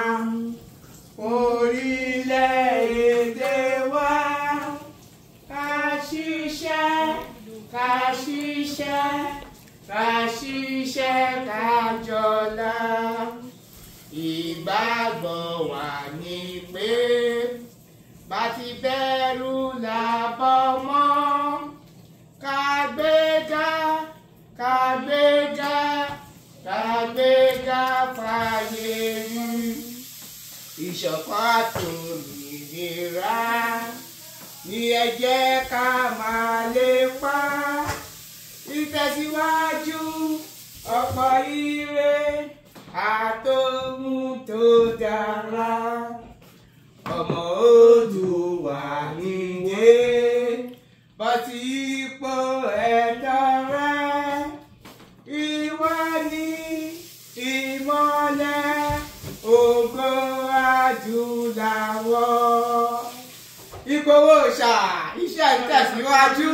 orílẹ̀-èdè wa ká ṣiṣẹ́ ká ṣiṣẹ́ ká ṣiṣẹ́ ká jọlá ìgbàgbọ́ wa ni pé bá ti bẹ̀rù làbọ̀ mọ́ ká gbéga ká gbéga ká gbéga fàyè ìṣọ̀kan àtòmìnira ni ẹ jẹ́ ká máa lépa ìtẹ̀síwájú ọ̀pọ̀ ire àtòhun tó dára ọmọ Oòduà nìyẹn bọ́tí ipò ẹ̀dá. tẹ̀síwájú làwọn Ìgbòho ṣá iṣẹ́ ń tẹ̀síwájú.